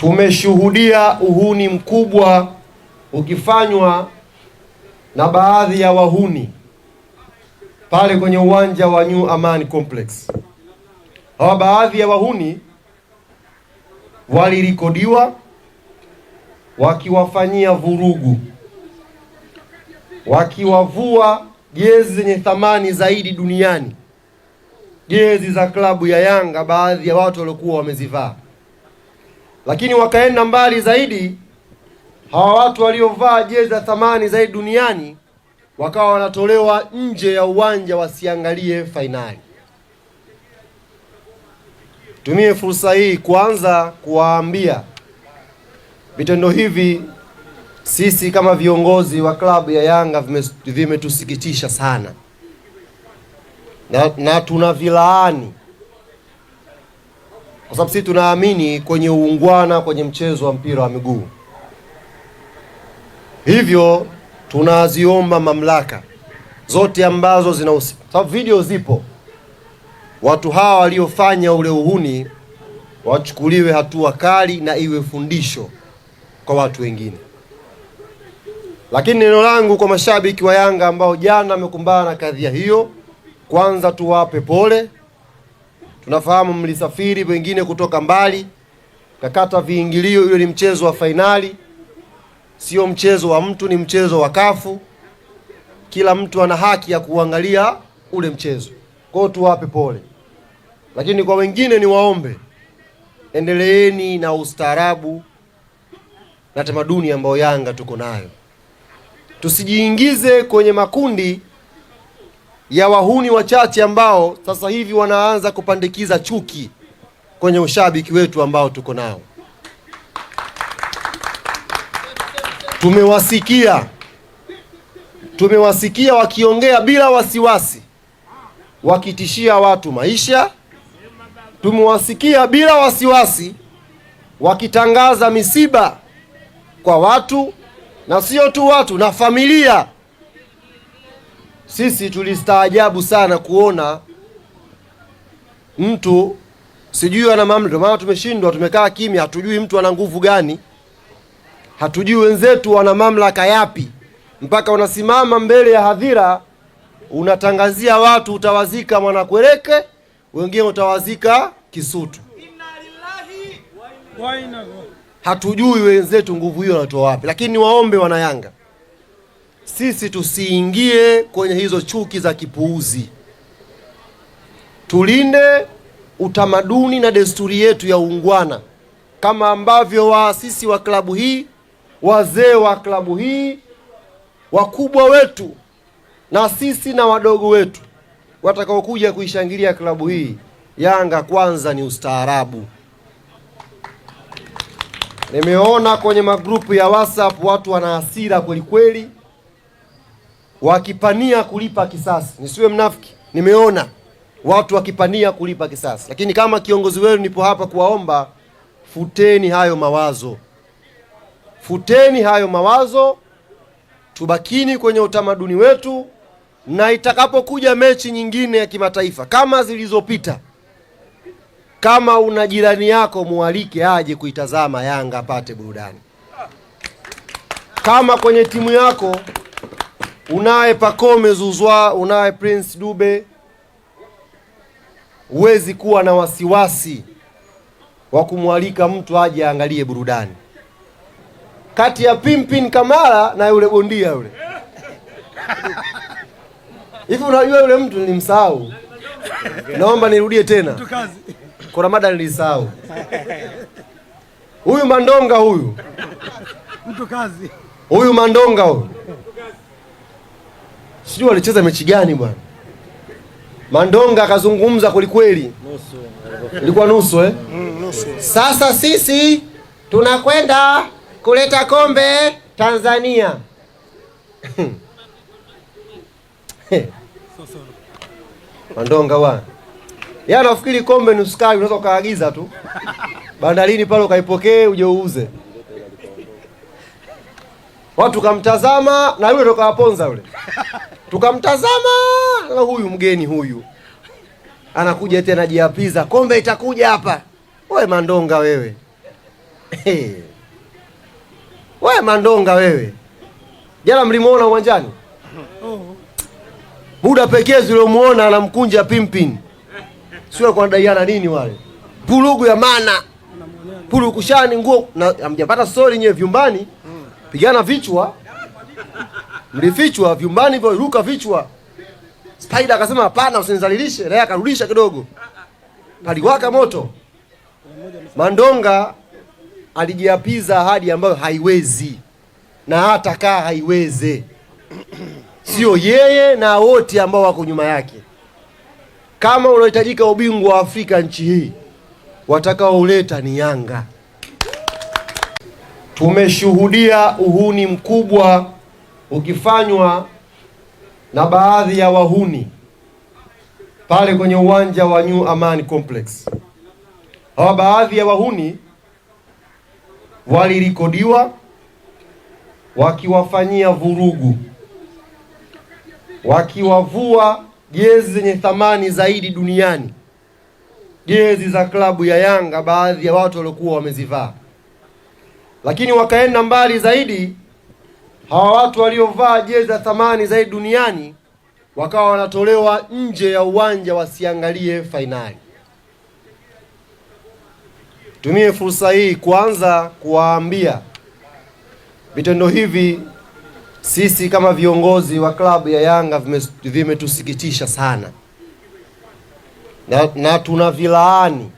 Tumeshuhudia uhuni mkubwa ukifanywa na baadhi ya wahuni pale kwenye uwanja wa New Amani Complex. Hawa baadhi ya wahuni walirikodiwa wakiwafanyia vurugu, wakiwavua jezi zenye thamani zaidi duniani, jezi za klabu ya Yanga, baadhi ya watu waliokuwa wamezivaa. Lakini wakaenda mbali zaidi, hawa watu waliovaa jezi za thamani zaidi duniani wakawa wanatolewa nje ya uwanja wasiangalie fainali. Tumie fursa hii kuanza kuwaambia vitendo hivi sisi kama viongozi wa klabu ya Yanga vimetusikitisha vime sana na, na tunavilaani kwa sababu sisi tunaamini kwenye uungwana kwenye mchezo wa mpira wa miguu. Hivyo tunaziomba mamlaka zote ambazo zinahusika, sababu video zipo, watu hawa waliofanya ule uhuni wachukuliwe hatua kali na iwe fundisho kwa watu wengine. Lakini neno langu kwa mashabiki wa Yanga ambao jana wamekumbana na kadhia hiyo, kwanza tuwape pole Tunafahamu mlisafiri wengine kutoka mbali, kakata viingilio. Ile ni mchezo wa fainali, sio mchezo wa mtu, ni mchezo wa kafu. Kila mtu ana haki ya kuangalia ule mchezo, kwao, tuwape pole. Lakini kwa wengine ni waombe endeleeni na ustaarabu na tamaduni ambayo Yanga tuko nayo, tusijiingize kwenye makundi ya wahuni wachache ambao sasa hivi wanaanza kupandikiza chuki kwenye ushabiki wetu ambao tuko nao. Tumewasikia, tumewasikia wakiongea bila wasiwasi, wakitishia watu maisha. Tumewasikia bila wasiwasi, wakitangaza misiba kwa watu, na sio tu watu na familia sisi tulistaajabu sana kuona mtu sijui ana mamlaka, maana tumeshindwa, tumekaa kimya, hatujui mtu ana nguvu gani, hatujui wenzetu wana mamlaka yapi, mpaka unasimama mbele ya hadhira unatangazia watu utawazika Mwanakwereke, wengine utawazika Kisutu. Hatujui wenzetu nguvu hiyo wanatoa wapi, lakini niwaombe Wanayanga sisi tusiingie kwenye hizo chuki za kipuuzi, tulinde utamaduni na desturi yetu ya uungwana, kama ambavyo waasisi wa klabu hii, wazee wa klabu hii, wakubwa wetu na sisi na wadogo wetu watakaokuja kuishangilia klabu hii. Yanga kwanza ni ustaarabu. Nimeona kwenye magrupu ya WhatsApp watu wana hasira kweli kweli wakipania kulipa kisasi. Nisiwe mnafiki, nimeona watu wakipania kulipa kisasi, lakini kama kiongozi wenu nipo hapa kuwaomba, futeni hayo mawazo, futeni hayo mawazo, tubakini kwenye utamaduni wetu, na itakapokuja mechi nyingine ya kimataifa kama zilizopita, kama una jirani yako mualike aje kuitazama Yanga apate burudani. Kama kwenye timu yako unaye Pacome Zuzwa, unaye Prince Dube, huwezi kuwa na wasiwasi wa kumwalika mtu aje aangalie burudani kati ya Pimpin Kamara na yule bondia yule. Hivi unajua yule mtu nilimsahau, naomba nirudie tena, kuna mada nilisahau. Huyu Mandonga huyu, mtu kazi huyu Mandonga huyu sijui walicheza mechi gani bwana. Mandonga akazungumza kwelikweli, ilikuwa nusu eh? Mm, Sasa sisi tunakwenda kuleta kombe Tanzania. Mandonga wa ya yaani nafikiri kombe ni sukari, unaweza ukaagiza tu bandarini pale ukaipokee uje uuze. Watu kamtazama na yule toka waponza yule tukamtazama la huyu mgeni huyu anakuja tena jiapiza, kombe itakuja hapa. We mandonga wewe, hey. Eh. We mandonga wewe, jana mlimuona uwanjani muda pekee ziliomuona anamkunja pimpin, sio kwa daiana nini wale pulugu ya mana pulukushani nguo, hamjapata stori nyewe vyumbani, hmm. pigana vichwa mlifichwa vyumbani hivyo, ruka vichwa. Spider akasema hapana, usinizalilishe. Naye akarudisha kidogo, paliwaka moto. Mandonga alijiapiza ahadi ambayo haiwezi na hata kaa haiweze, sio yeye na wote ambao wako nyuma yake. Kama unahitajika ubingwa wa Afrika nchi hii, watakaouleta ni Yanga. Tumeshuhudia uhuni mkubwa ukifanywa na baadhi ya wahuni pale kwenye uwanja wa New Amani Complex. Hawa baadhi ya wahuni walirikodiwa wakiwafanyia vurugu, wakiwavua jezi zenye thamani zaidi duniani, jezi za klabu ya Yanga, baadhi ya watu waliokuwa wamezivaa, lakini wakaenda mbali zaidi hawa watu waliovaa jezi za thamani zaidi duniani wakawa wanatolewa nje ya uwanja wasiangalie fainali. Tumie fursa hii kuanza kuwaambia vitendo hivi sisi kama viongozi wa klabu ya Yanga vimetusikitisha vime sana na, na tunavilaani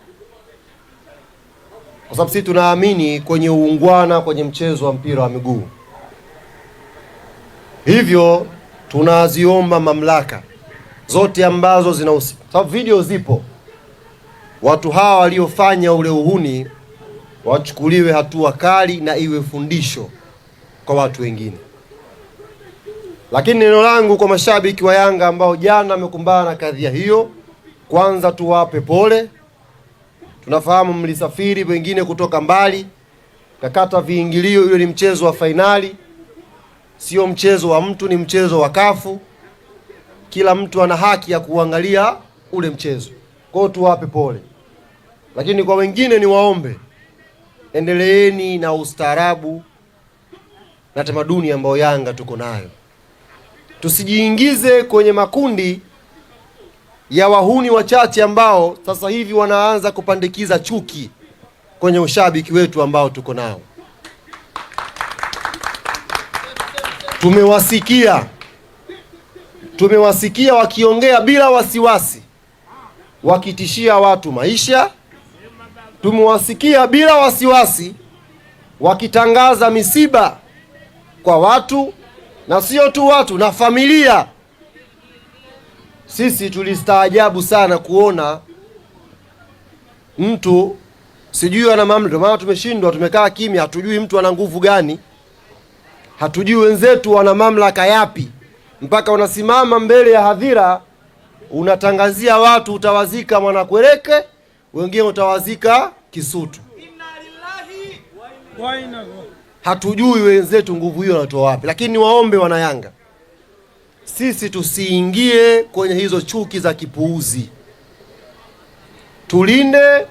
kwa sababu sisi tunaamini kwenye uungwana kwenye mchezo wa mpira wa miguu. Hivyo tunaziomba mamlaka zote ambazo zina sababu, video zipo, watu hawa waliofanya ule uhuni wachukuliwe hatua kali na iwe fundisho kwa watu wengine. Lakini neno langu kwa mashabiki wa Yanga ambao jana wamekumbana na kadhia hiyo, kwanza tuwape pole. Tunafahamu mlisafiri wengine kutoka mbali, kakata viingilio, ile ni mchezo wa fainali sio mchezo wa mtu, ni mchezo wa kafu. Kila mtu ana haki ya kuangalia ule mchezo, kwa hiyo tuwape pole, lakini kwa wengine ni waombe, endeleeni na ustaarabu na tamaduni ambayo Yanga tuko nayo, tusijiingize kwenye makundi ya wahuni wachache ambao sasa hivi wanaanza kupandikiza chuki kwenye ushabiki wetu ambao tuko nao. Tumewasikia, tumewasikia wakiongea bila wasiwasi, wakitishia watu maisha. Tumewasikia bila wasiwasi, wakitangaza misiba kwa watu, na sio tu watu na familia. Sisi tulistaajabu sana kuona mtu sijui ana mamlaka, maana tumeshindwa, tumekaa kimya, hatujui mtu ana nguvu gani. Hatujui wenzetu wana mamlaka yapi, mpaka unasimama mbele ya hadhira unatangazia watu utawazika Mwanakwereke, wengine utawazika Kisutu. Hatujui wenzetu nguvu hiyo wanatoa wapi, lakini niwaombe Wanayanga, sisi tusiingie kwenye hizo chuki za kipuuzi, tulinde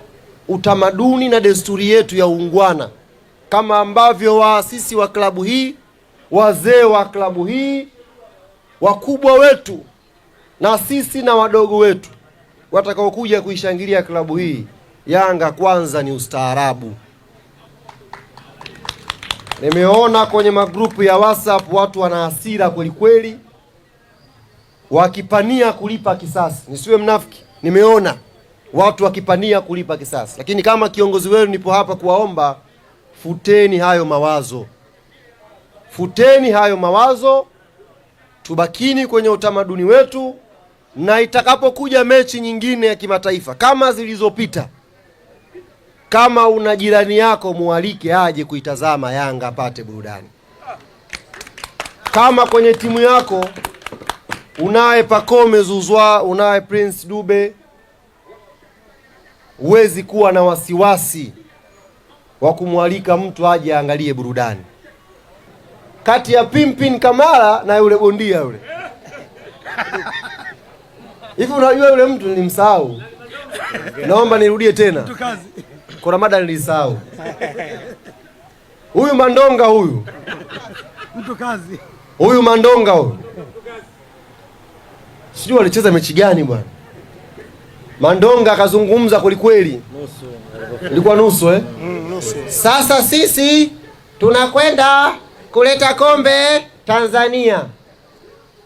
utamaduni na desturi yetu ya uungwana kama ambavyo waasisi wa klabu hii wazee wa klabu hii, wakubwa wetu na sisi na wadogo wetu watakaokuja kuishangilia klabu hii Yanga. Kwanza ni ustaarabu. Nimeona kwenye magrupu ya WhatsApp watu wana hasira kweli kweli, wakipania kulipa kisasi. Nisiwe mnafiki, nimeona watu wakipania kulipa kisasi, lakini kama kiongozi wenu nipo hapa kuwaomba, futeni hayo mawazo. Futeni hayo mawazo, tubakini kwenye utamaduni wetu, na itakapokuja mechi nyingine ya kimataifa kama zilizopita, kama una jirani yako mualike aje kuitazama Yanga apate burudani. Kama kwenye timu yako unaye Pacome Zuzwa, unaye Prince Dube, huwezi kuwa na wasiwasi wa kumwalika mtu aje aangalie burudani kati ya Pimpin Kamara na yule bondia yule. Hivi unajua yule mtu nilimsahau. Naomba nirudie tena. Kuna mada nilisahau. Huyu Mandonga huyu. Mtu kazi. Huyu Mandonga huyu. Sijui walicheza mechi gani bwana. Mandonga akazungumza kwelikweli, ilikuwa nusu eh? Mm, nusu. Sasa sisi tunakwenda kuleta kombe Tanzania.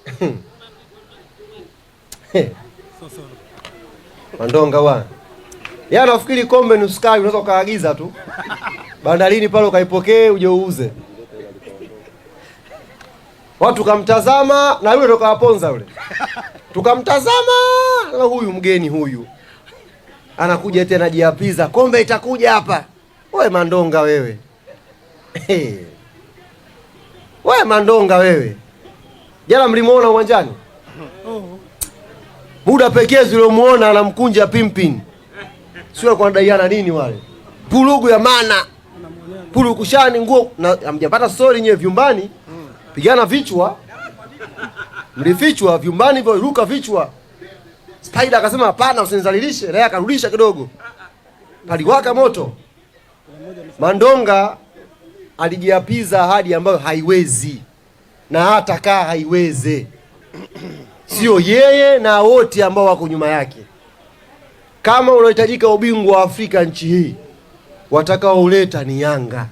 Mandonga wa ya yaani nafikiri kombe ni sukari, unaweza ukaagiza tu bandarini pale ukaipokee uje uuze. Watu kamtazama na yule toka waponza yule, tukamtazama na huyu mgeni huyu anakuja tena jiapiza, kombe itakuja hapa. We Mandonga wewe We Mandonga wewe, jana mlimuona uwanjani? Muda oh. pekee uliomuona anamkunja pimpin, sio kwa anadaiana nini wale purugu ya maana purukushani nguo na hamjapata story nyewe vyumbani, pigana vichwa, mlifichwa vyumbani hivyo, ruka vichwa. Spider akasema hapana, usinizalilishe, naye akarudisha kidogo, paliwaka moto Mandonga alijiapiza ahadi ambayo haiwezi na hata kaa haiweze, sio yeye na wote ambao wako nyuma yake. Kama unahitajika ubingwa wa Afrika nchi hii, watakaouleta ni Yanga.